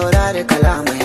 saurari kalamai